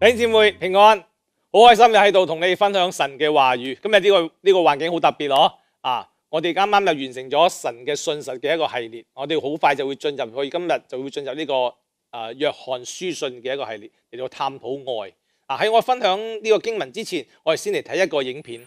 弟兄姊妹平安，好開心又喺度同你分享神嘅話語。今日呢個呢個環境好特別哦，啊，我哋啱啱就完成咗神嘅信實嘅一個系列，我哋好快就會進入去，今日就會進入呢個啊約翰書信嘅一個系列嚟到探討愛。啊喺我分享呢個經文之前，我哋先嚟睇一個影片。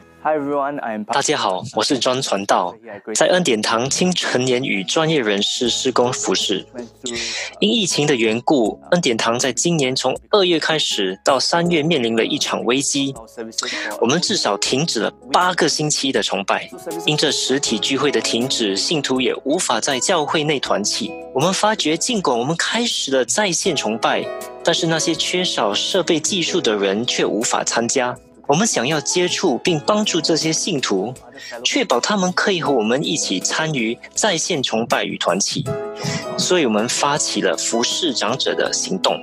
大家好，我是莊傳道，在恩典堂青成年與專業人士事工服侍。因疫情的緣故，恩典堂在今年從二月開始到三月面臨了一場危機。我們至少停止了八個星期的崇拜。因這實體聚會的停止，信徒也無法在教會內團契。我們發覺，儘管我們開始了在線崇拜，但是那些缺少設備技術的人卻無法參加。我們想要接觸並幫助這些信徒，確保他們可以和我們一起參與在線崇拜與團契，所以我們發起了服侍長者的行動。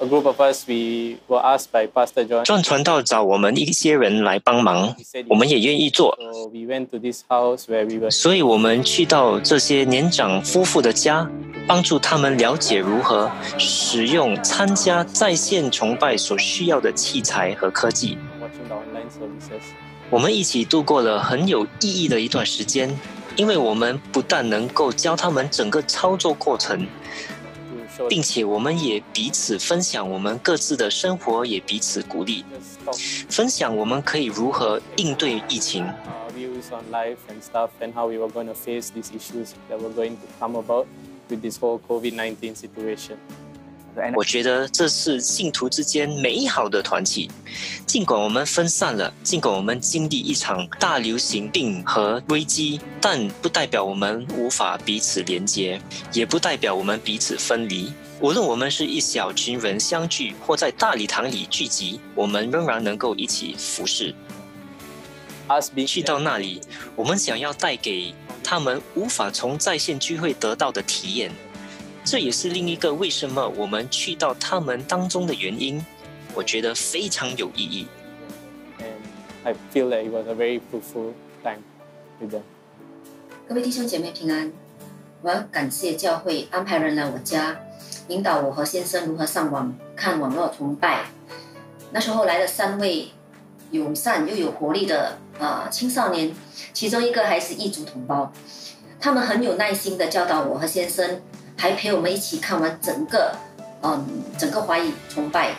Us, we 轉傳到找我們一些人來幫忙。He said he 我們也願意做。So、we we 所以我們去到這些年長夫婦的家，幫助他們了解如何使用參加在線崇拜所需要的器材和科技。我們一起度過了很有意義的一段時間，因為我們不但能夠教他們整個操作過程。並且我們也彼此分享我們各自的生活，也彼此鼓勵，分享我們可以如何應對疫情。Uh, 我覺得這是信徒之間美好的團契，盡管我們分散了，盡管我們經歷一場大流行病和危機，但不代表我們無法彼此連接，也不代表我們彼此分離。無論我們是一小群人相聚，或在大禮堂裏聚集，我們仍然能夠一起服侍。阿斯去到那裏，我們想要帶給他們無法從在線聚會得到的體驗。這也是另一個為什麼我們去到他們當中的原因，我覺得非常有意義。各位弟兄姐妹，平安，我要感謝教會安排人來我家，引導我和先生如何上網看網絡崇拜。那時候來了三位友善又有活力的啊、呃、青少年，其中一個還是異族同胞，他們很有耐心地教導我和先生。還陪我們一起看完整個，嗯、呃，整個華語崇拜，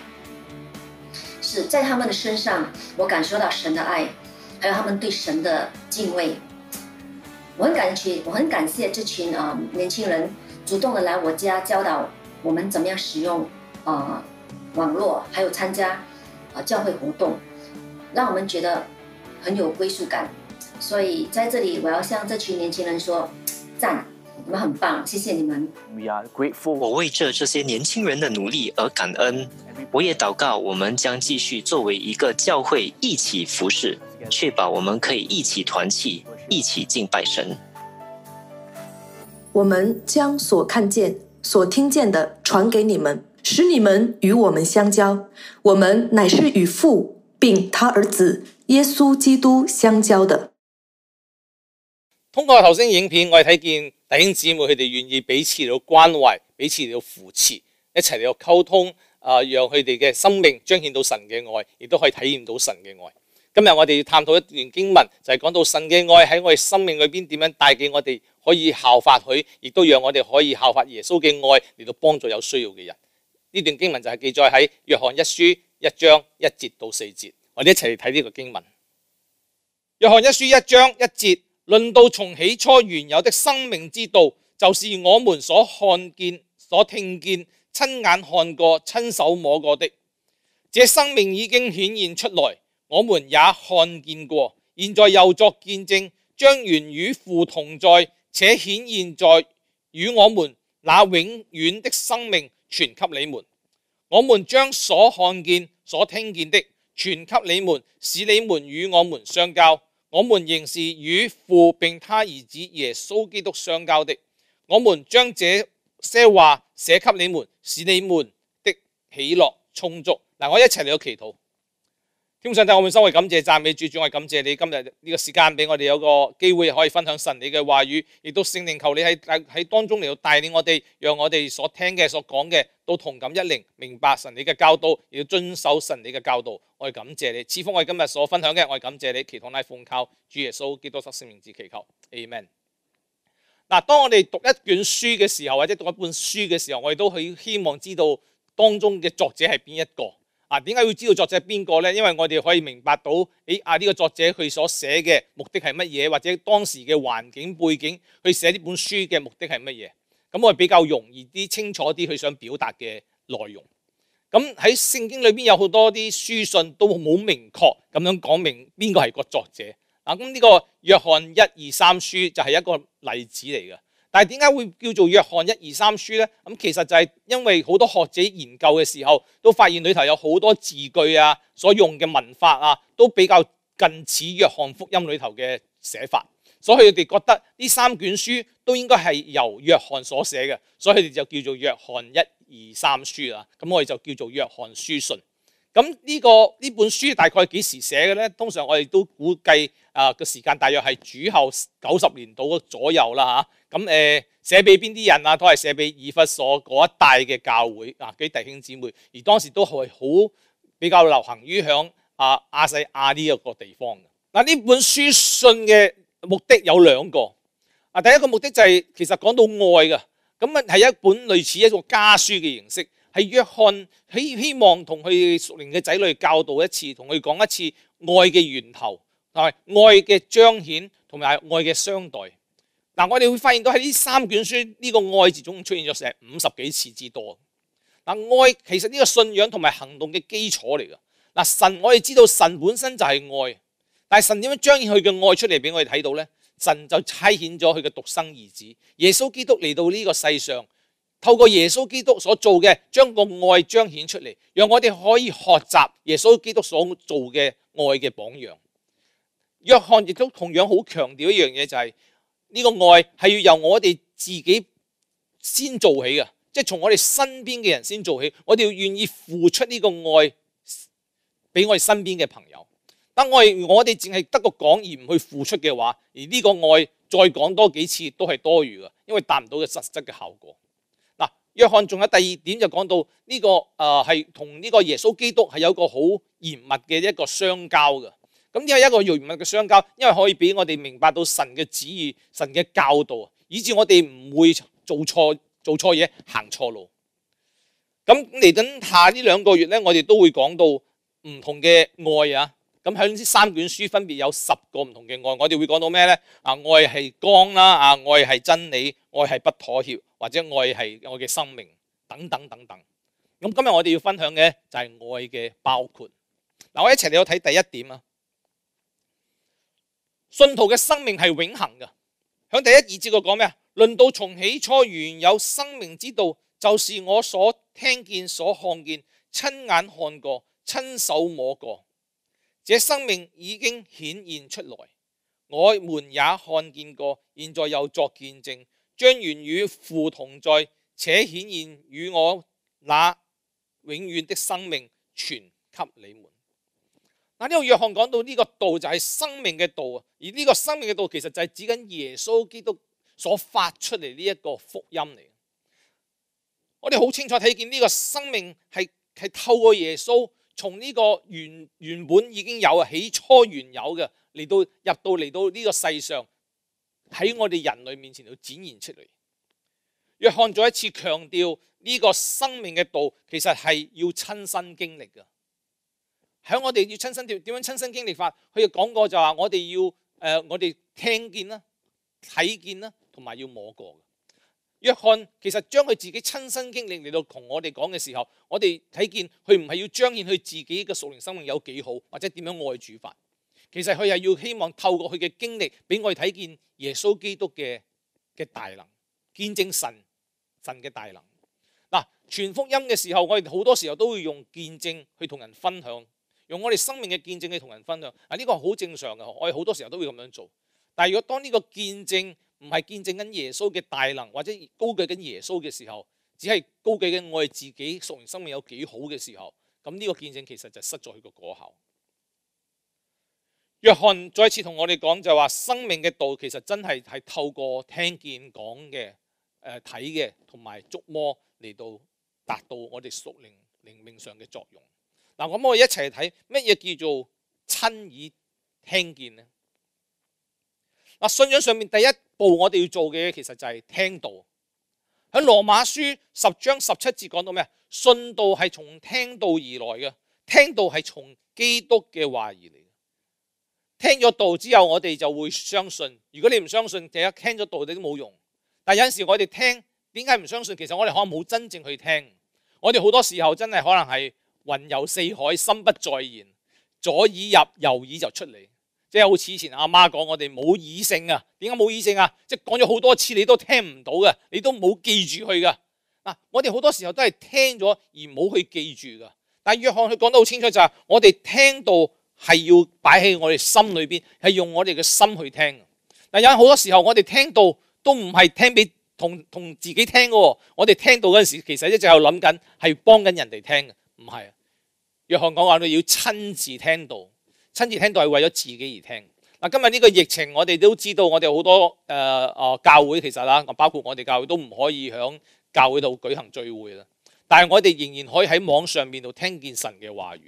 是在他們的身上，我感受到神的愛，還有他們對神的敬畏。我很感激，我很感謝這群啊、呃、年輕人，主動的來我家教導我們怎麼樣使用啊、呃、網絡，還有參加啊、呃、教會活動，讓我們覺得很有歸屬感。所以在這裏，我要向這群年輕人說，讚！我們很棒，謝謝你們。我為這這些年輕人的努力而感恩。我也禱告，我們將繼續作為一個教會一起服侍，確保我們可以一起團契，一起敬拜神。我們將所看見、所聽見的傳給你們，使你們與我們相交。我們乃是與父並他兒子耶穌基督相交的。通過頭先影片，我哋睇見。弟兄姊妹，佢哋願意彼此嚟到關懷，彼此嚟到扶持，一齊嚟到溝通，啊，讓佢哋嘅生命彰顯到神嘅愛，亦都可以體驗到神嘅愛。今日我哋要探討一段經文，就係講到神嘅愛喺我哋生命裏邊點樣帶俾我哋可以效法佢，亦都讓我哋可以效法耶穌嘅愛嚟到幫助有需要嘅人。呢段經文就係記載喺約翰一書一章一節到四節，我哋一齊嚟睇呢個經文。約翰一書一章一節。論到從起初原有的生命之道，就是我們所看見、所聽見、親眼看過、親手摸過的。這生命已經顯現出來，我們也看見過，現在又作見證，將原與父同在且顯現在與我們那永遠的生命傳給你們。我們將所看見、所聽見的傳給你們，使你們與我們相交。我們仍是與父並他兒子耶穌基督相交的。我們將這些話寫給你們，使你們的喜樂充足。嗱，我一齊嚟到祈禱。天父上帝，我們心懷感謝讚美主，主，主我係感謝你今日呢個時間俾我哋有個機會可以分享神你嘅話語，亦都聖靈求你喺喺當中嚟到帶領我哋，讓我哋所聽嘅、所講嘅都同感一靈，明白神你嘅教導，亦要遵守神你嘅教導。我哋感謝你。賜福我哋今日所分享嘅，我哋感謝你。祈禱拉奉靠主耶穌基督得聖名字祈求，a 阿門。嗱，當我哋讀一卷書嘅時候，或者讀一本書嘅時候，我哋都去希望知道當中嘅作者係邊一個。啊，點解會知道作者係邊個呢？因為我哋可以明白到，誒、哎、啊呢、呢個作者佢所寫嘅目的係乜嘢，或者當時嘅環境背景，佢寫呢本書嘅目的係乜嘢，咁、嗯、我哋比較容易啲清楚啲佢想表達嘅內容。咁喺聖經裏面有好多啲書信都冇明確咁樣講明邊個係個作者啊。咁、嗯、呢、嗯呢個約翰一二三書就係一個例子嚟嘅。但係點解會叫做約翰一二三書咧？咁其實就係因為好多學者研究嘅時候，都發現裏頭有好多字句啊，所用嘅文法啊，都比較近似約翰福音裏頭嘅寫法，所以佢哋覺得呢三卷書都應該係由約翰所寫嘅，所以佢哋就叫做約翰一二三書啦，咁我哋就叫做約翰書信。咁呢、呢個呢本書大概幾時寫嘅咧？通常我哋都估計啊個、呃、時間，大約係主後九十年度左右啦嚇。咁誒寫俾邊啲人啊？呃、人都係寫俾以弗所嗰一帶嘅教會啊，啲弟兄姊妹。而當時都係好比較流行於響啊、啊亞細亞呢一個地方。嗱、啊、呢本書信嘅目的有兩個。啊，第一個目的就係、係、其實講到愛嘅，咁啊係一本類似一個家書嘅形式。係約翰希希望同佢屬靈嘅仔女教導一次，同佢講一次愛嘅源頭，係愛嘅彰顯，同埋愛嘅相待。嗱、嗯，我哋會發現到喺呢三卷書呢、這個愛字中出現咗成五十幾次之多。嗱、嗯，愛其實呢個信仰同埋行動嘅基礎嚟嘅。嗱、嗯，神我哋知道神本身就係愛，但係神點樣彰顯佢嘅愛出嚟俾我哋睇到咧？神就差遣咗佢嘅獨生兒子耶穌基督嚟到呢個世上。透過耶穌基督所做嘅，將個愛彰顯出嚟，讓我哋可以學習耶穌基督所做嘅愛嘅榜樣。約翰亦都同樣好強調一樣嘢，就是，就係呢個愛係要由我哋自己先做起嘅，即係從我哋身邊嘅人先做起。我哋要願意付出呢個愛俾我哋身邊嘅朋友。但我哋我哋淨係得個講而唔去付出嘅話，而呢個愛再講多幾次都係多餘㗎，因為達唔到嘅實質嘅效果。約翰仲有第二點，就講到呢個誒係同呢個耶穌基督係有一個好嚴密嘅一個相交嘅，咁呢係一個嚴密嘅相交，因為可以俾我哋明白到神嘅旨意、神嘅教導啊，以致我哋唔會做錯做錯嘢、行錯路。咁嚟緊下呢兩個月咧，我哋都會講到唔同嘅愛啊。咁喺呢三卷書分別有十個唔同嘅愛，我哋會講到咩呢？啊，愛係光啦，啊，愛係真理，愛係不妥協，或者愛係愛嘅生命等等等等。咁今日我哋要分享嘅就係愛嘅包括。嗱，我一齊嚟到睇第一點啊。信徒嘅生命係永恆嘅。喺第一二節度講咩啊？論到從起初原有生命之道，就是我所聽見、所看見、親眼看過、親手摸過。這生命已經顯現出來，我們也看見過，現在又作見證，將原與父同在，且顯現與我那永遠的生命傳給你們。嗱，呢個約翰講到呢個道就係生命嘅道啊，而呢個生命嘅道其實就係指緊耶穌基督所發出嚟呢一個福音嚟。我哋好清楚睇見呢個生命係係透過耶穌，從呢個原原本已經有起初原有嘅嚟到入到嚟到呢個世上喺我哋人類面前度展現出嚟。約翰再一次強調呢、呢個生命嘅道其實係要親身經歷㗎。喺我哋要親身點點樣親身經歷法，佢就講過就話我哋要誒、呃、我哋聽見啦、睇見啦，同埋要摸過。約翰其實將佢自己親身經歷嚟到同我哋講嘅時候，我哋睇見佢唔係要彰顯佢自己嘅屬靈生命有幾好，或者點樣愛主法。其實佢係要希望透過佢嘅經歷，俾我哋睇見耶穌基督嘅嘅大能，見證神神嘅大能。嗱，傳福音嘅時候，我哋好多時候都會用見證去同人分享，用我哋生命嘅見證去同人分享。啊，呢個好正常嘅，我哋好多時候都會咁樣做。但係如果當呢個見證，唔係見證緊耶穌嘅大能，或者高舉緊耶穌嘅時候，只係高舉緊我哋自己屬靈生命有幾好嘅時候，咁、這、呢個見證其實就失咗佢個果效。約翰再一次同我哋講就話、是，生命嘅道其實真係係透過聽見講嘅誒睇嘅同埋觸摸嚟，到達到我哋屬靈靈命上嘅作用。嗱，咁我哋一齊睇咩嘢叫做親耳聽見呢？嗱，信仰上面第一步我哋要做嘅嘢，其實就係聽道。喺羅馬書十章十七節講到咩啊？信道係從聽道而來嘅，聽道係從基督嘅話而嚟。聽咗道之後，我哋就會相信。如果你唔相信，第一聽咗道你都冇用。但有陣時我哋聽，點解唔相信？其實我哋可能冇真正去聽。我哋好多時候真係可能係雲遊四海，心不在焉，左耳入右耳就出嚟。即係好似以前阿媽講，我哋冇耳性啊？點解冇耳性啊？即係講咗好多次，你都聽唔到嘅，你都冇記住佢嘅。嗱、啊，我哋好多時候都係聽咗而冇去記住嘅。但係約翰佢講得好清楚就係、是，我哋聽到係要擺喺我哋心裏邊，係用我哋嘅心去聽。但有好多時候我哋聽到都唔係聽俾同同自己聽嘅喎。我哋聽到嗰陣時，其實一直係諗緊係幫緊人哋聽嘅，唔係。約翰講話，你要親自聽到。親自聽到係為咗自己而聽。嗱，今日呢個疫情，我哋都知道我，我哋好多誒啊教會其實啦，包括我哋教會都唔可以響教會度舉行聚會啦。但係我哋仍然可以喺網上面度聽見神嘅話語。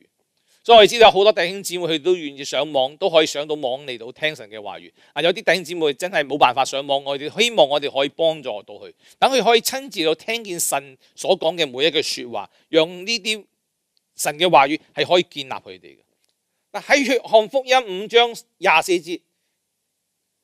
所以我哋知道好多弟兄姊妹佢都願意上網，都可以上到網嚟到聽神嘅話語。啊，有啲弟兄姊妹真係冇辦法上網，我哋希望我哋可以幫助到佢，等佢可以親自到聽見神所講嘅每一句説話，讓呢啲神嘅話語係可以建立佢哋。嗱，喺《約翰福音》五章廿四節，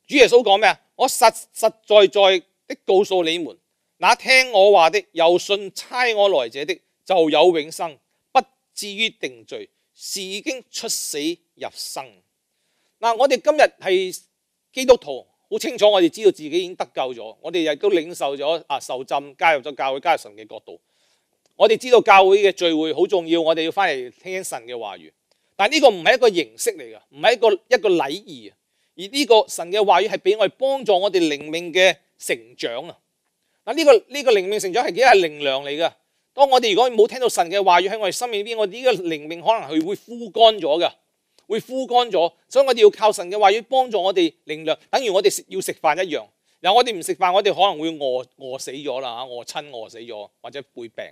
主耶穌講咩啊？我實實在在的告訴你們，那聽我話的，又信差我來者的，就有永生，不至於定罪，是已經出死入生。嗱、嗯，我哋今日係基督徒，好清楚，我哋知道自己已經得救咗，我哋亦都領受咗啊受浸，加入咗教會，加入神嘅國度。我哋知道教會嘅聚會好重要，我哋要翻嚟聽神嘅話語。但呢個唔係一個形式嚟噶，唔係一個一個禮儀，而呢個神嘅話語係俾我哋幫助我哋靈命嘅成長啊！嗱、呢個，呢個呢個靈命成長係幾係靈糧嚟噶？當我哋如果冇聽到神嘅話語喺我哋心入邊，我哋呢個靈命可能係會枯乾咗噶，會枯乾咗。所以我哋要靠神嘅話語幫助我哋靈糧，等於我哋要食飯一樣。嗱，我哋唔食飯，我哋可能會餓餓死咗啦吓，餓親餓死咗或者會病。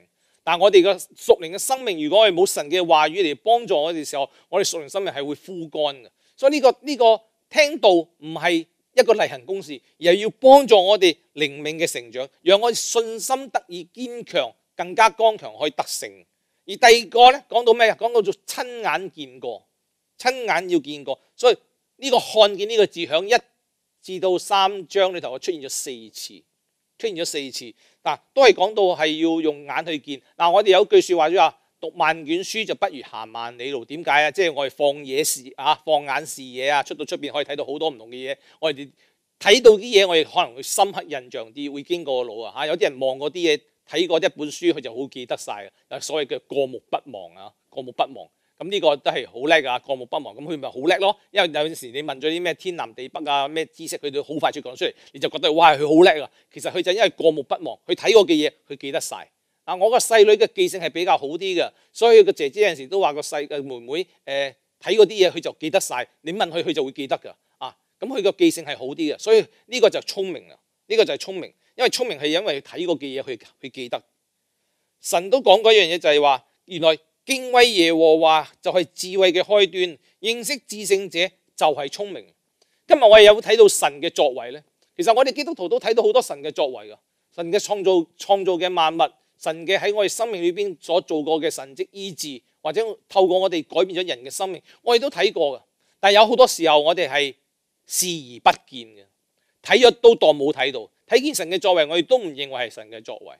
但我哋嘅屬靈嘅生命，如果我哋冇神嘅話語嚟幫助我哋嘅時候，我哋屬靈生命係會枯乾嘅。所以呢個呢個聽道唔係一個例行公事，而係要幫助我哋靈命嘅成長，讓我哋信心得以堅強，更加剛強可以得勝。而第二個咧，講到咩啊？講到做親眼見過，親眼要見過。所以呢個看見呢個字響一至到三章裏頭，我出現咗四次。出現咗四次嗱，都係講到係要用眼去見嗱。我哋有句説話就話讀萬卷書就不如行萬里路，點解啊？即係我哋放野視啊，放眼視野啊，出到出邊可以睇到好多唔同嘅嘢。我哋睇到啲嘢，我哋可能會深刻印象啲，會經過腦啊。嚇，有啲人望嗰啲嘢，睇過一本書，佢就好記得晒。嘅、啊。所謂嘅過目不忘啊，過目不忘。咁呢個都係好叻㗎，過目不忘，咁佢咪好叻咯？因為有陣時你問咗啲咩天南地北啊，咩知識，佢都好快脆講出嚟，你就覺得哇，佢好叻啊！其實佢就因為過目不忘，佢睇過嘅嘢佢記得晒。啊，我個細女嘅記性係比較好啲嘅，所以個姐姐有陣時都話個細嘅妹妹誒睇嗰啲嘢佢就記得晒。你問佢佢就會記得㗎。啊，咁佢個記性係好啲嘅，所以呢個就係聰明啊！呢個就係聰明，因為聰明係因為睇過嘅嘢佢佢記得。神都講嗰樣嘢就係話，原來。敬畏耶和華就係智慧嘅開端，認識至聖者就係聰明。今日我哋有睇到神嘅作為呢？其實我哋基督徒都睇到好多神嘅作為噶，神嘅創造、創造嘅萬物，神嘅喺我哋生命裏邊所做過嘅神蹟醫治，或者透過我哋改變咗人嘅生命，我哋都睇過噶。但有好多時候我哋係視而不見嘅，睇咗都當冇睇到，睇見神嘅作為我哋都唔認為係神嘅作為，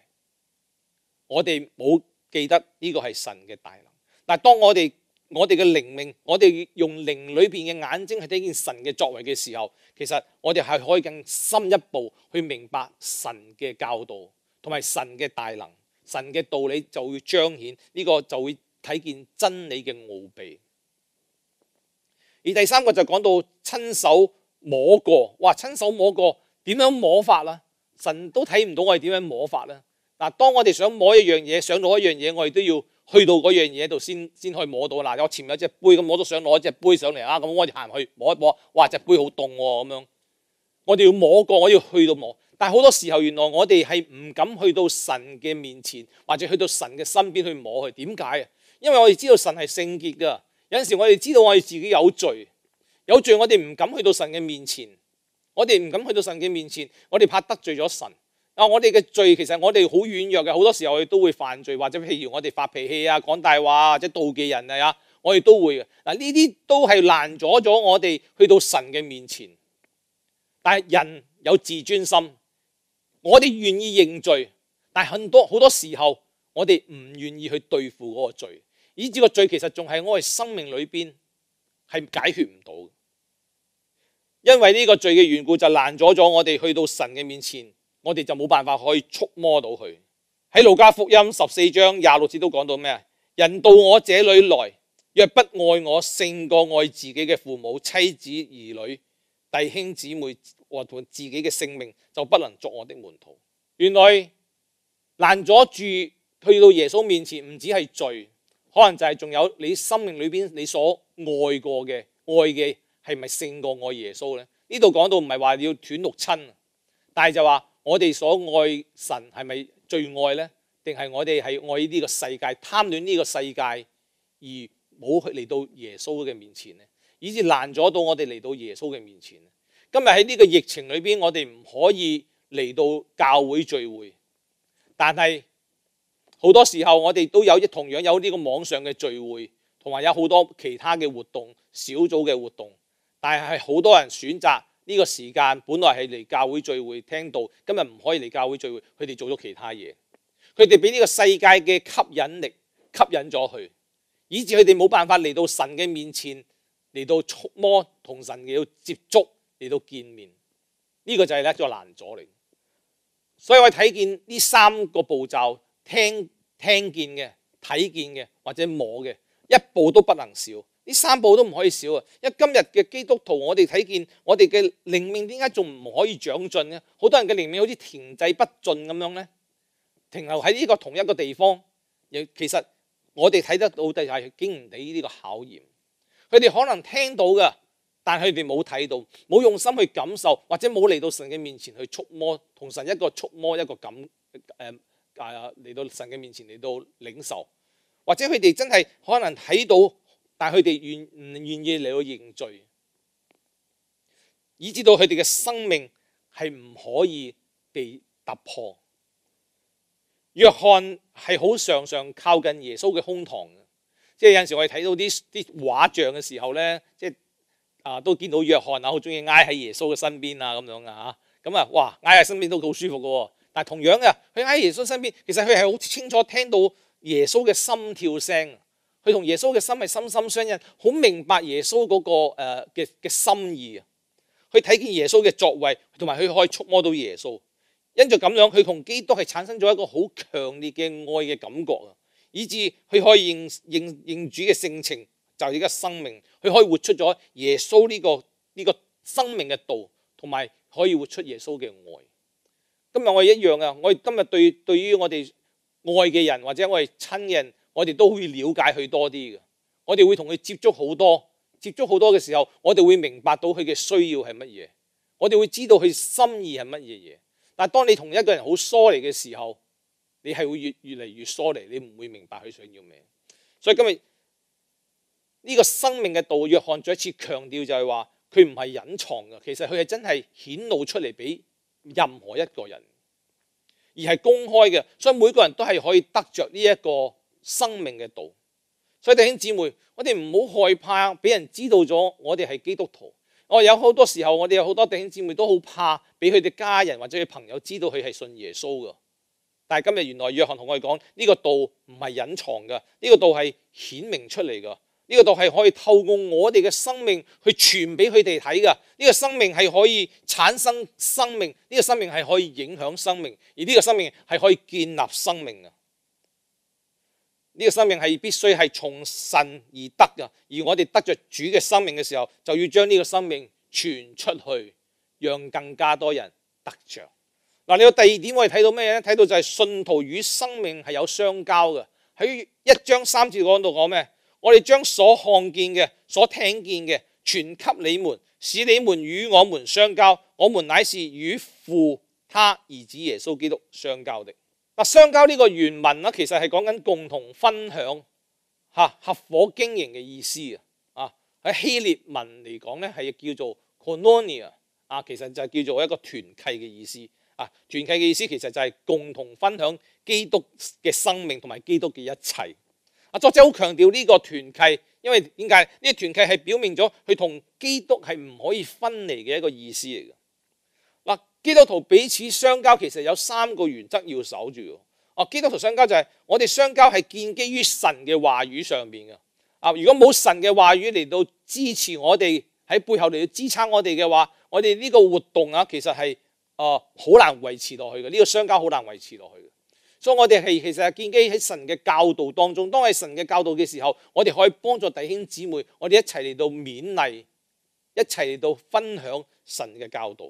我哋冇。記得呢個係神嘅大能。但當我哋我哋嘅靈命，我哋用靈裏邊嘅眼睛，係睇見神嘅作為嘅時候，其實我哋係可以更深一步去明白神嘅教導，同埋神嘅大能，神嘅道理就會彰顯呢個，就會睇見真理嘅奧秘。而第三個就講到親手摸過，哇！親手摸過，點樣摸法啦？神都睇唔到我哋點樣摸法啦。嗱，當我哋想摸一樣嘢，想攞一樣嘢，我哋都要去到嗰樣嘢度先先可以摸到嗱。呃，我前面有隻杯，咁我都想攞隻杯上嚟啊，咁我哋行去摸一摸，哇，隻杯好凍喎咁樣。我哋要摸過，我要去到摸。但係好多時候，原來我哋係唔敢去到神嘅面前，或者去到神嘅身邊去摸佢。點解啊？因為我哋知道神係聖潔噶，有陣時我哋知道我哋自己有罪，有罪我哋唔敢去到神嘅面前，我哋唔敢去到神嘅面前，我哋怕得罪咗神。啊！我哋嘅罪，其實我哋好軟弱嘅，好多時候我哋都會犯罪，或者譬如我哋發脾氣啊、講大話啊，或者妒忌人啊，我哋都會嘅。嗱，呢啲都係攔阻咗我哋去到神嘅面前。但係人有自尊心，我哋願意認罪，但係很多好多時候我哋唔願意去對付嗰個罪，以至個罪其實仲係我哋生命裏邊係解決唔到，因為呢個罪嘅緣故就攔阻咗我哋去到神嘅面前。我哋就冇辦法可以觸摸到佢。喺路加福音十四章廿六節都講到咩？人到我這裏來，若不愛我，勝過愛自己嘅父母、妻子、兒女、弟兄姊妹和同自己嘅性命，就不能作我的門徒。原來難阻住去到耶穌面前，唔止係罪，可能就係仲有你生命裏邊你所愛過嘅愛嘅係咪勝過愛耶穌呢？呢度講到唔係話你要斷六親，但係就話。我哋所愛神係咪最愛呢？定係我哋係愛呢個世界，貪戀呢個世界而冇去嚟到耶穌嘅面前呢？以致難阻到我哋嚟到耶穌嘅面前。今日喺呢個疫情裏邊，我哋唔可以嚟到教會聚會，但係好多時候我哋都有一同樣有呢個網上嘅聚會，同埋有好多其他嘅活動、小組嘅活動，但係係好多人選擇。呢個時間本來係嚟教會聚會聽到，今日唔可以嚟教會聚會，佢哋做咗其他嘢，佢哋俾呢個世界嘅吸引力吸引咗佢，以至佢哋冇辦法嚟到神嘅面前，嚟到觸摸同神嘅要接觸，嚟到見面。呢、這個就係咧一個難阻嚟，所以我睇見呢三個步驟，聽聽見嘅、睇見嘅或者摸嘅，一步都不能少。呢三步都唔可以少啊！因為今日嘅基督徒，我哋睇見我哋嘅靈命點解仲唔可以長進呢？好多人嘅靈命好似停滯不進咁樣呢，停留喺呢個同一個地方。又其實我哋睇得到就係經唔起呢個考驗。佢哋可能聽到嘅，但係佢哋冇睇到，冇用心去感受，或者冇嚟到神嘅面前去觸摸，同神一個觸摸一個感誒嚟、呃、到神嘅面前嚟到領受，或者佢哋真係可能睇到。但佢哋願唔願意嚟到認罪，以致到佢哋嘅生命係唔可以被突破。約翰係好常常靠近耶穌嘅胸膛嘅，即係有陣時我哋睇到啲啲畫像嘅時候咧、啊，即係啊都見到約翰啊好中意挨喺耶穌嘅身邊啊咁樣啊嚇，咁啊哇挨喺身邊都好舒服噶、啊，但係同樣啊佢挨喺耶穌身邊，其實佢係好清楚聽到耶穌嘅心跳聲。佢同耶穌嘅心係心心相印，好明白耶穌嗰個誒嘅嘅心意啊！佢睇見耶穌嘅作為，同埋佢可以觸摸到耶穌。因著咁樣，佢同基督係產生咗一個好強烈嘅愛嘅感覺啊！以至佢可以認認認主嘅性情，就而家生命，佢可以活出咗耶穌呢個呢個生命嘅道，同埋可以活出耶穌嘅愛。今日我係一樣啊！我今日對對於我哋愛嘅人或者我哋親人。我哋都可以了解佢多啲嘅，我哋會同佢接觸好多，接觸好多嘅時候，我哋會明白到佢嘅需要係乜嘢，我哋會知道佢心意係乜嘢嘢。但當你同一個人好疏離嘅時候，你係會越越嚟越疏離，你唔會明白佢想要咩。所以今日呢個生命嘅道，約翰再一次強調就係話，佢唔係隱藏嘅，其實佢係真係顯露出嚟俾任何一個人，而係公開嘅，所以每個人都係可以得着呢一個生命嘅道，所以弟兄姊妹，我哋唔好害怕俾人知道咗我哋係基督徒。我有好多時候，我哋有好多弟兄姊妹都好怕俾佢哋家人或者佢朋友知道佢係信耶穌嘅。但係今日原來約翰同我哋講呢個道唔係隱藏嘅，呢個道係顯明出嚟嘅，呢個道係可以透過我哋嘅生命去傳俾佢哋睇嘅，呢個生命係可以產生生命，呢個生命係可以影響生命，而呢個生命係可以建立生命嘅。呢個生命係必須係從神而得嘅，而我哋得着主嘅生命嘅時候，就要將呢個生命傳出去，讓更加多人得着。嗱，你有第二點，我哋睇到咩咧？睇到就係信徒與生命係有相交嘅。喺一章三節講度講咩？我哋將所看見嘅、所聽見嘅，傳給你們，使你們與我們相交。我們乃是與父他兒子耶穌基督相交的。嗱，相交呢個原文啦，其實係講緊共同分享、嚇合夥經營嘅意思嘅。啊，喺希臘文嚟講咧，係叫做 koinonia，啊，其實就係叫做一個團契嘅意思。啊，團契嘅意思其實就係共同分享基督嘅生命同埋基督嘅一切。啊，作者好強調呢個團契，因為點解？呢、呢個團契係表明咗佢同基督係唔可以分離嘅一個意思嚟嘅。基督徒彼此相交，其實有三個原則要守住。哦，啊，基督徒相交就係，我哋相交係建基於神嘅話語上面嘅。啊，如果冇神嘅話語嚟到支持我哋喺背後嚟到支撐我哋嘅話，我哋呢個活動啊，其實係哦好難維持落去嘅。呢個相交好難維持落去。所以我哋係其實係建基喺神嘅教導當中。當係神嘅教導嘅時候，我哋可以幫助弟兄姊妹，我哋一齊嚟到勉勵，一齊嚟到分享神嘅教導。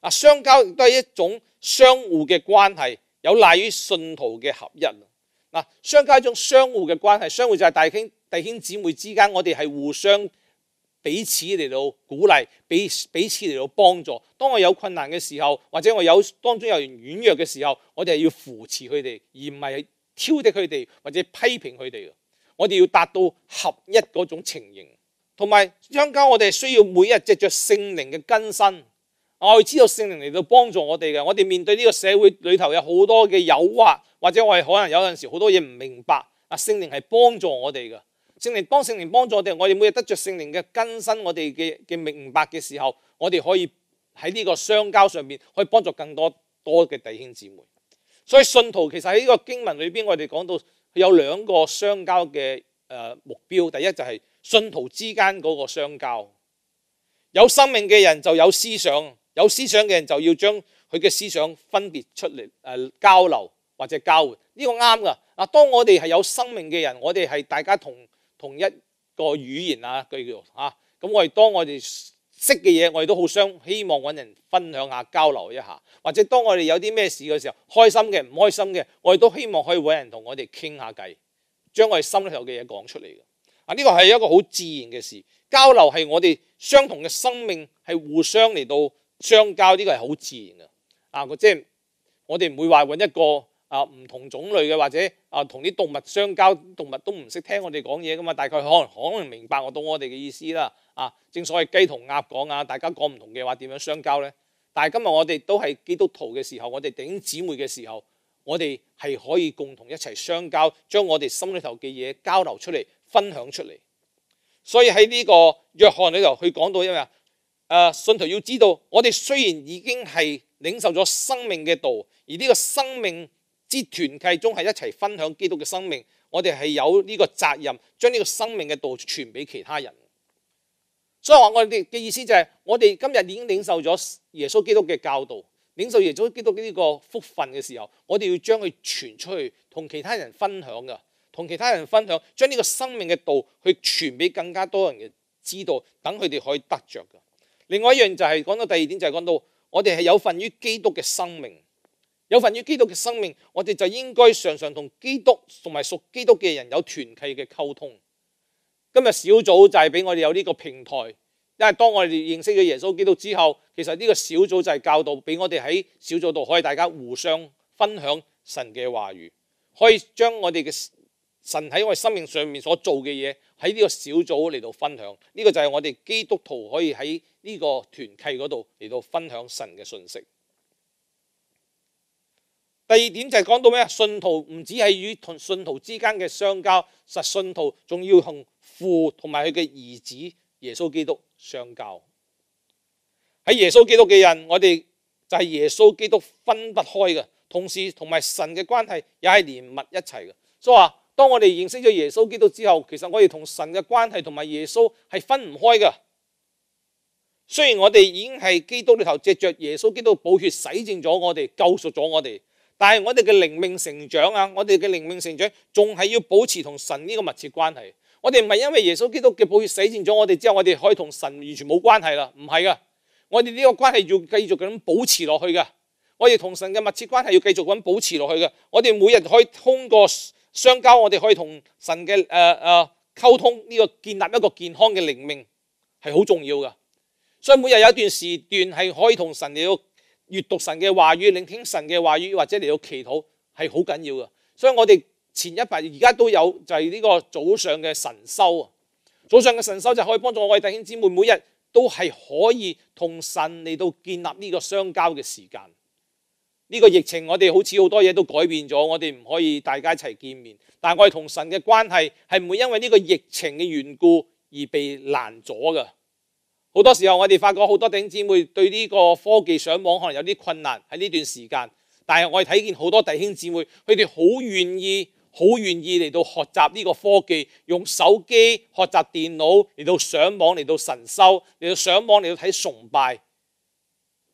啊，相交亦都係一種相互嘅關係，有賴於信徒嘅合一，嗱，相交一種相互嘅關係，相互就係弟兄弟兄姊妹之間，我哋係互相彼此嚟到鼓勵，彼彼此嚟到幫助。當我有困難嘅時候，或者我有當中有人軟弱嘅時候，我哋係要扶持佢哋，而唔係挑剔佢哋或者批評佢哋嘅。我哋要達到合一嗰種情形，同埋相交，我哋需要每日藉着聖靈嘅更新。我哋知道聖靈嚟到幫助我哋嘅，我哋面對呢個社會裏頭有好多嘅誘惑，或者我哋可能有陣時好多嘢唔明白，啊聖靈係幫助我哋嘅，聖靈幫聖靈幫助我哋，我哋每日得着聖靈嘅更新，我哋嘅嘅明白嘅時候，我哋可以喺呢個相交上面可以幫助更多多嘅弟兄姊妹。所以信徒其實喺呢個經文裏邊，我哋講到有兩個相交嘅誒目標，第一就係信徒之間嗰個相交，有生命嘅人就有思想。有思想嘅人就要將佢嘅思想分別出嚟，誒、呃、交流或者交換呢、呢個啱噶。啊，當我哋係有生命嘅人，我哋係大家同同一個語言啊，叫做吓咁。我哋當我哋識嘅嘢，我哋都好相希望揾人分享下、交流一下，或者當我哋有啲咩事嘅時候，開心嘅、唔開心嘅，我哋都希望可以揾人同我哋傾下偈，將我哋心裏頭嘅嘢講出嚟嘅。啊，呢、呢個係一個好自然嘅事，交流係我哋相同嘅生命係互相嚟到。相交呢個係好自然嘅啊！即係我哋唔會話搵一個啊唔同種類嘅或者啊同啲動物相交，動物都唔識聽我哋講嘢噶嘛，大概可能可能明白我到我哋嘅意思啦啊！正所謂雞同鴨講啊，大家講唔同嘅話點樣相交咧？但係今日我哋都係基督徒嘅時候，我哋弟兄姊妹嘅時候，我哋係可以共同一齊相交，將我哋心裏頭嘅嘢交流出嚟，分享出嚟。所以喺呢個約翰裏頭，去講到因為。信徒要知道，我哋雖然已經係領受咗生命嘅道，而呢個生命之團契中係一齊分享基督嘅生命，我哋係有呢個責任，將呢個生命嘅道傳俾其他人。所以話我哋嘅意思就係，我哋今日已經領受咗耶穌基督嘅教導，領受耶穌基督呢個福分嘅時候，我哋要將佢傳出去，同其他人分享㗎，同其他人分享，將呢個生命嘅道去傳俾更加多人嘅知道，等佢哋可以得着㗎。另外一樣就係講到第二點，就係講到我哋係有份於基督嘅生命，有份於基督嘅生命，我哋就應該常常同基督同埋屬基督嘅人有團契嘅溝通。今日小組就係俾我哋有呢個平台，因為當我哋認識咗耶穌基督之後，其實呢個小組就係教導俾我哋喺小組度可以大家互相分享神嘅話語，可以將我哋嘅。神喺我哋生命上面所做嘅嘢，喺呢個小組嚟到分享。呢個就係我哋基督徒可以喺呢個團契嗰度嚟到分享神嘅信息。第二點就係講到咩信徒唔止係與同信徒之間嘅相交，實信徒仲要同父同埋佢嘅兒子耶穌基督相交。喺耶穌基督嘅人，我哋就係耶穌基督分不開嘅，同時同埋神嘅關係也係連密一齊嘅，所以話。當我哋認識咗耶穌基督之後，其實我哋同神嘅關係同埋耶穌係分唔開嘅。雖然我哋已經係基督裏頭借着耶穌基督寶血洗淨咗我哋、救贖咗我哋，但係我哋嘅靈命成長啊，我哋嘅靈命成長仲係要保持同神呢個密切關係。我哋唔係因為耶穌基督嘅寶血洗淨咗我哋之後，我哋可以同神完全冇關係啦。唔係噶，我哋呢個關係要繼續咁保持落去噶。我哋同神嘅密切關係要繼續咁保持落去噶。我哋每日可以通過，相交，我哋可以同神嘅誒誒溝通，呢、這個建立一個健康嘅靈命係好重要嘅。所以每日有一段時段係可以同神嚟到閲讀神嘅話語，聆聽神嘅話語，或者嚟到祈禱係好緊要嘅。所以我哋前一排而家都有就係、是、呢個早上嘅神修。啊，早上嘅神修就可以幫助我哋弟兄姊妹每日都係可以同神嚟到建立呢個相交嘅時間。呢個疫情我哋好似好多嘢都改變咗，我哋唔可以大家一齊見面，但我哋同神嘅關係係唔會因為呢個疫情嘅緣故而被攔阻嘅。好多時候我哋發覺好多弟兄姊妹對呢個科技上網可能有啲困難喺呢段時間，但係我哋睇見好多弟兄姊妹佢哋好願意、好願意嚟到學習呢個科技，用手機學習電腦嚟到上網嚟到神修，嚟到上網嚟到睇崇拜。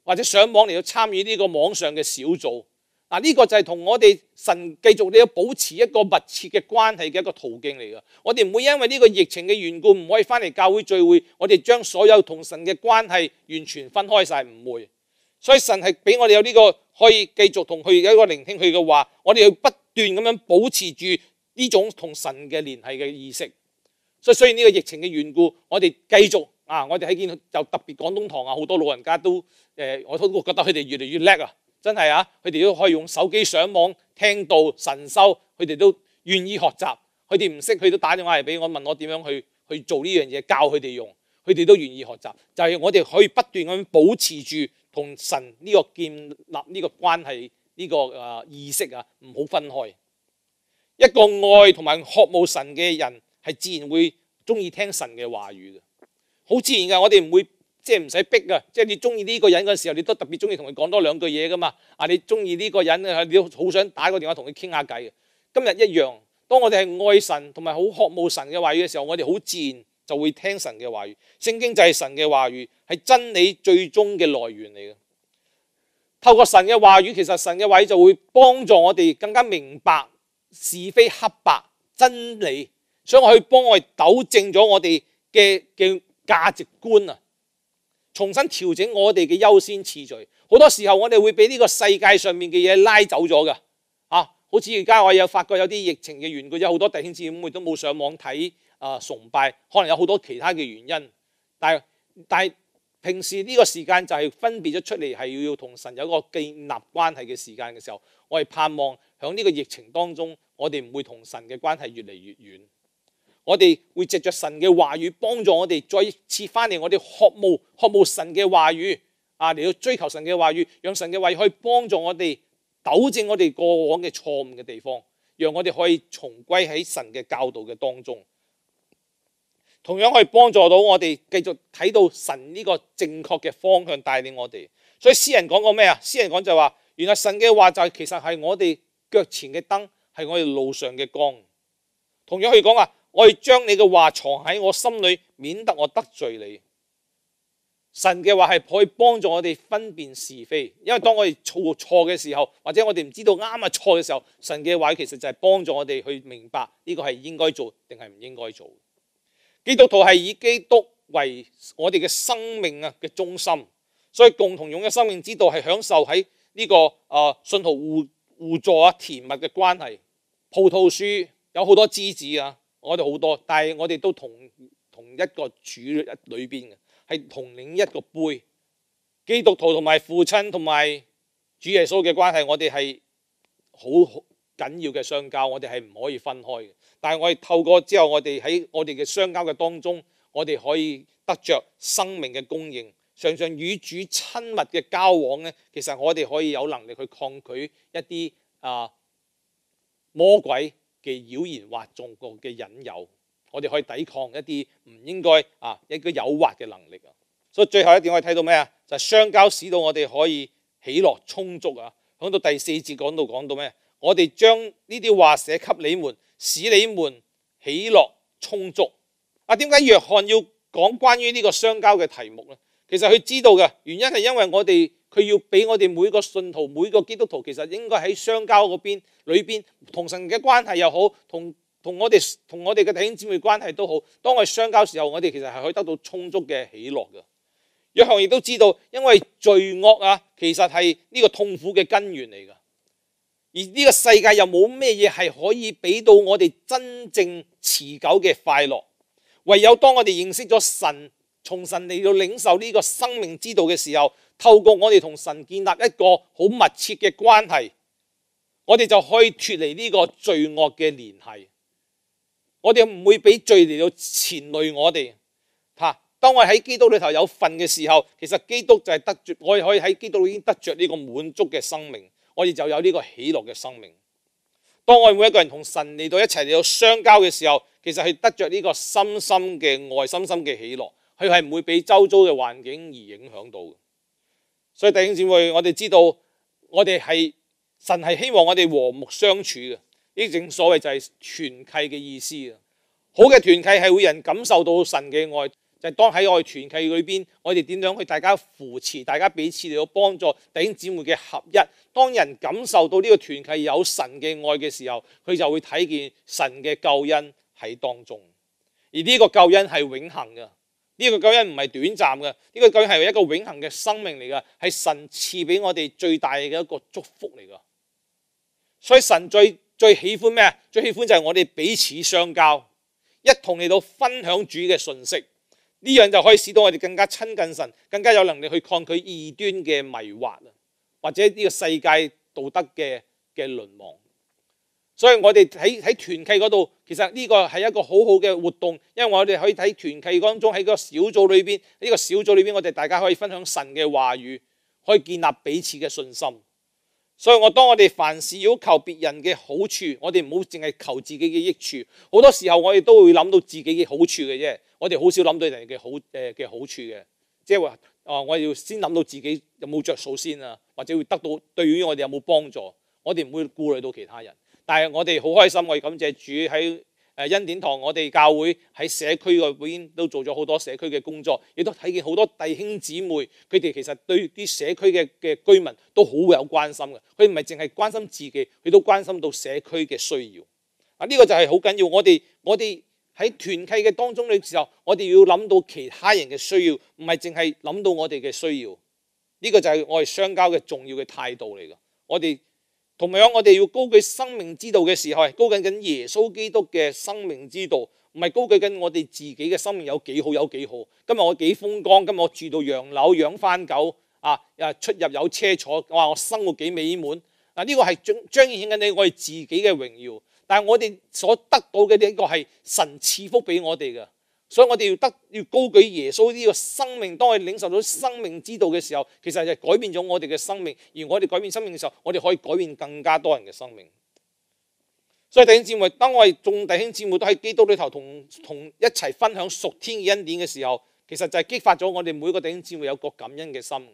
或者上網嚟到參與呢個網上嘅小組，嗱、啊、呢個就係同我哋神繼續要保持一個密切嘅關係嘅一個途徑嚟嘅。我哋唔會因為呢個疫情嘅緣故，唔可以翻嚟教會聚會。我哋將所有同神嘅關係完全分開晒。唔會。所以神係俾我哋有呢個可以繼續同佢一個聆聽佢嘅話，我哋要不斷咁樣保持住呢種同神嘅聯繫嘅意識。所以雖然呢個疫情嘅緣故，我哋繼續啊，我哋喺見就特別廣東堂啊，好多老人家都。誒，我都覺得佢哋越嚟越叻啊！真係啊，佢哋都可以用手機上網聽到神收，佢哋都願意學習。佢哋唔識，佢都打電話嚟俾我問我點樣去去做呢樣嘢，教佢哋用。佢哋都願意學習，就係我哋可以不斷咁保持住同神呢個建立呢個關係呢個啊意識啊，唔好分開。一個愛同埋渴慕神嘅人，係自然會中意聽神嘅話語嘅，好自然㗎。我哋唔會。即係唔使逼噶，即係你中意呢個人嗰陣時候，你都特別中意同佢講多兩句嘢噶嘛？啊，你中意呢個人啊，你好想打個電話同佢傾下偈。今日一樣，當我哋係愛神同埋好渴慕神嘅話語嘅時候，我哋好自然就會聽神嘅話語。聖經就係神嘅話語，係真理最終嘅來源嚟嘅。透過神嘅話語，其實神嘅話語就會幫助我哋更加明白是非黑白真理，所以可以幫我哋糾正咗我哋嘅嘅價值觀啊！重新調整我哋嘅優先次序，好多時候我哋會俾呢個世界上面嘅嘢拉走咗㗎。啊。好似而家我有發覺有啲疫情嘅緣故，有好多弟兄姊、姊妹都冇上網睇啊、呃、崇拜，可能有好多其他嘅原因。但係但係平時呢個時間就係分別咗出嚟，係要同神有一個建立關係嘅時間嘅時候，我係盼望響呢個疫情當中，我哋唔會同神嘅關係越嚟越遠。我哋會藉着神嘅話語幫助我哋，再次翻嚟我哋渴慕渴慕神嘅話語啊，嚟到追求神嘅話語，讓神嘅話語可以幫助我哋糾正我哋過往嘅錯誤嘅地方，讓我哋可以重歸喺神嘅教導嘅當中，同樣可以幫助到我哋繼續睇到神呢個正確嘅方向帶領我哋。所以詩人講過咩啊？詩人講就話，原來神嘅話就係其實係我哋腳前嘅燈，係我哋路上嘅光。同樣可以講話。我哋將你嘅話藏喺我心裏，免得我得罪你。神嘅話係可以幫助我哋分辨是非，因為當我哋做錯嘅時候，或者我哋唔知道啱啊錯嘅時候，神嘅話其實就係幫助我哋去明白呢、這個係應該做定係唔應該做。是該做基督徒係以基督為我哋嘅生命啊嘅中心，所以共同擁有生命之道係享受喺呢、這個、呃、信徒互互助啊，甜蜜嘅關係。葡萄樹有好多枝子啊。我哋好多，但係我哋都同同一個主裏邊嘅，係同領一個杯。基督徒同埋父親同埋主耶穌嘅關係，我哋係好緊要嘅相交，我哋係唔可以分開嘅。但係我哋透過之後，我哋喺我哋嘅相交嘅當中，我哋可以得着生命嘅供應。常常與主親密嘅交往咧，其實我哋可以有能力去抗拒一啲啊魔鬼。嘅妖言惑眾，仲有嘅引誘，我哋可以抵抗一啲唔應該啊，一個誘惑嘅能力啊。所以最後一點，我哋睇到咩啊？就係、是、商交相交使到我哋可以喜樂充足啊。響到第四節講到講到咩？我哋將呢啲話寫給你們，使你們喜樂充足。啊，點解約翰要講關於呢個相交嘅題目呢？其實佢知道嘅原因係因為我哋。佢要俾我哋每個信徒、每個基督徒，其實應該喺相交嗰邊裏邊，同神嘅關係又好，同同我哋同我哋嘅弟兄姊妹關係都好。當我哋相交時候，我哋其實係可以得到充足嘅喜樂嘅。約翰亦都知道，因為罪惡啊，其實係呢個痛苦嘅根源嚟㗎。而呢個世界又冇咩嘢係可以俾到我哋真正持久嘅快樂，唯有當我哋認識咗神，從神嚟到領受呢個生命之道嘅時候。透過我哋同神建立一個好密切嘅關係，我哋就可以脫離呢個罪惡嘅聯繫。我哋唔會俾罪嚟到纏累我哋。吓、啊，當我喺基督裏頭有份嘅時候，其實基督就係得着我哋可以喺基督裏已經得着呢個滿足嘅生命，我哋就有呢個喜樂嘅生命。當我哋每一個人同神嚟到一齊嚟到相交嘅時候，其實係得着呢個深深嘅愛，深深嘅喜樂，佢係唔會俾周遭嘅環境而影響到。所以弟兄姊妹，我哋知道，我哋係神係希望我哋和睦相處嘅，呢正所謂就係團契嘅意思啊。好嘅團契係會人感受到神嘅愛，就係當喺我哋團契裏邊，我哋點樣去大家扶持、大家彼此嚟到幫助弟兄姊妹嘅合一。當人感受到呢個團契有神嘅愛嘅時候，佢就會睇見神嘅救恩喺當中，而呢個救恩係永恆嘅。呢個救恩唔係短暫嘅，呢個救恩係一個永恒嘅生命嚟噶，係神賜俾我哋最大嘅一個祝福嚟噶。所以神最最喜歡咩啊？最喜歡就係我哋彼此相交，一同嚟到分享主嘅信息，呢樣就可以使到我哋更加親近神，更加有能力去抗拒異端嘅迷惑，或者呢個世界道德嘅嘅淪亡。所以我哋喺喺團契嗰度，其實呢個係一個好好嘅活動，因為我哋可以喺團契當中喺個小組裏邊，呢個小組裏邊，我哋大家可以分享神嘅話語，可以建立彼此嘅信心。所以我當我哋凡事要求別人嘅好處，我哋唔好淨係求自己嘅益處。好多時候我哋都會諗到自己嘅好處嘅啫，我哋好少諗到人嘅好誒嘅好處嘅。即係話哦，我要先諗到自己有冇着數先啊，或者會得到對於我哋有冇幫助，我哋唔會顧慮到其他人。但係我哋好開心，我哋感謝主喺誒恩典堂，我哋教會喺社區裏便都做咗好多社區嘅工作，亦都睇見好多弟兄姊妹，佢哋其實對啲社區嘅嘅居民都好有關心嘅。佢唔係淨係關心自己，佢都關心到社區嘅需要啊！呢個就係好緊要。我哋我哋喺團契嘅當中嘅時候，我哋要諗到其他人嘅需要，唔係淨係諗到我哋嘅需要。呢個就係我哋相交嘅重要嘅態度嚟㗎。我哋。同樣我哋要高舉生命之道嘅時候，高舉緊耶穌基督嘅生命之道，唔係高舉緊我哋自己嘅生命有幾好有幾好。今日我幾風光，今日我住到洋樓，養翻狗啊，出入有車坐，哇！我生活幾美滿啊！呢、這個係彰顯緊你我哋自己嘅榮耀，但我哋所得到嘅呢個係神賜福俾我哋噶。所以我哋要得要高舉耶穌呢個生命，當我哋領受到生命之道嘅時候，其實就改變咗我哋嘅生命。而我哋改變生命嘅時候，我哋可以改變更加多人嘅生命。所以弟兄姊妹，當我哋眾弟兄姊妹都喺基督裏頭同同一齊分享屬天嘅恩典嘅時候，其實就係激發咗我哋每個弟兄姊妹有個感恩嘅心。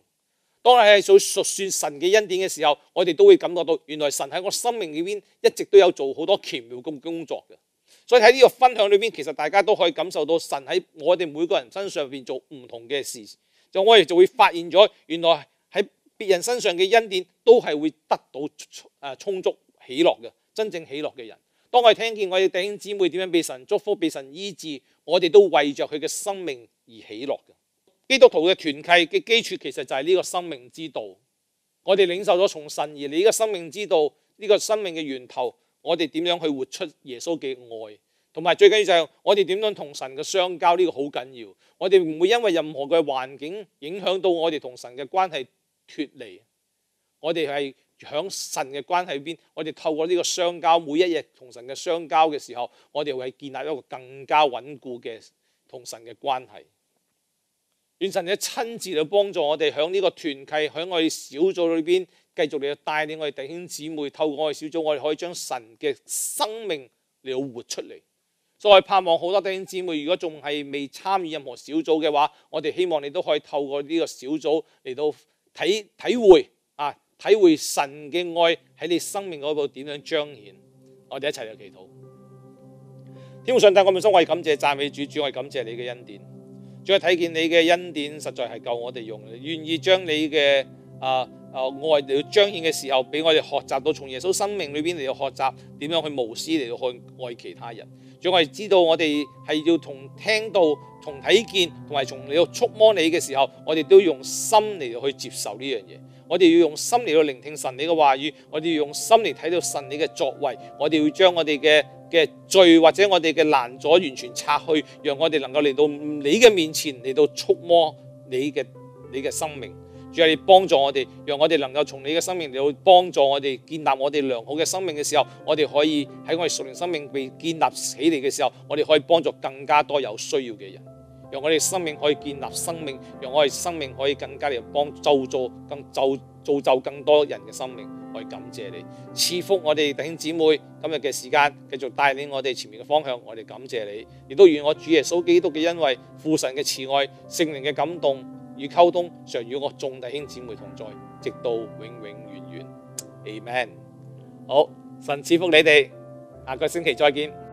當你係數算神嘅恩典嘅時候，我哋都會感覺到原來神喺我生命裏邊一直都有做好多奇妙嘅工作嘅。所以喺呢個分享裏邊，其實大家都可以感受到神喺我哋每個人身上邊做唔同嘅事，就我哋就會發現咗，原來喺別人身上嘅恩典，都係會得到誒充足喜樂嘅，真正喜樂嘅人。當我哋聽見我哋弟兄姊妹點樣被神祝福，被神醫治，我哋都為着佢嘅生命而喜樂嘅。基督徒嘅團契嘅基礎，其實就係呢個生命之道。我哋領受咗從神而嚟呢個生命之道，呢、這個生命嘅源頭。我哋點樣去活出耶穌嘅愛，同埋最緊要就係我哋點樣同神嘅相交，呢個好緊要。我哋唔會因為任何嘅環境影響到我哋同神嘅關係脫離。我哋係響神嘅關係裏邊，我哋透過呢個相交，每一日同神嘅相交嘅時候，我哋會建立一個更加穩固嘅同神嘅關係。願神嘅親自嚟幫助我哋響呢個團契，響我哋小組裏邊。繼續你要帶領我哋弟兄姊妹，透過我哋小組，我哋可以將神嘅生命嚟活出嚟。所以盼望好多弟兄姊妹，如果仲係未參與任何小組嘅話，我哋希望你都可以透過呢個小組嚟到體體會啊，體會神嘅愛喺你生命嗰度點樣彰顯。我哋一齊嚟祈禱。天父上帝，我哋心為感謝讚美主，主我感謝你嘅恩典，主要睇見你嘅恩典實在係夠我哋用，願意將你嘅。啊啊！愛 嚟到彰顯嘅時候，俾我哋學習到從耶穌生命裏邊嚟到學習點樣去無私嚟到去愛其他人。所以我哋知道我哋係要同聽到、同睇見、同埋從你去觸摸你嘅時候，我哋都要用心嚟到去接受呢樣嘢。我哋要用心嚟到聆聽神你嘅話語，我哋要用心嚟睇到神你嘅作為，我哋要將我哋嘅嘅罪或者我哋嘅攔阻完全拆去，讓我哋能夠嚟到你嘅面前嚟到觸摸你嘅你嘅生命。主，你幫助我哋，讓我哋能夠從你嘅生命嚟到幫助我哋建立我哋良好嘅生命嘅時候，我哋可以喺我哋熟年生命被建立起嚟嘅時候，我哋可以幫助更加多有需要嘅人，讓我哋生命可以建立生命，讓我哋生命可以更加嚟幫造作更造就更多人嘅生命。我哋感謝你賜福我哋弟兄姊妹今日嘅時間，繼續帶領我哋前面嘅方向。我哋感謝你，亦都願我主耶穌基督嘅恩惠、父神嘅慈愛、聖靈嘅感動，與溝通，常與我眾弟兄姊妹同在，直到永永遠遠。Amen。好，神賜福你哋，下個星期再見。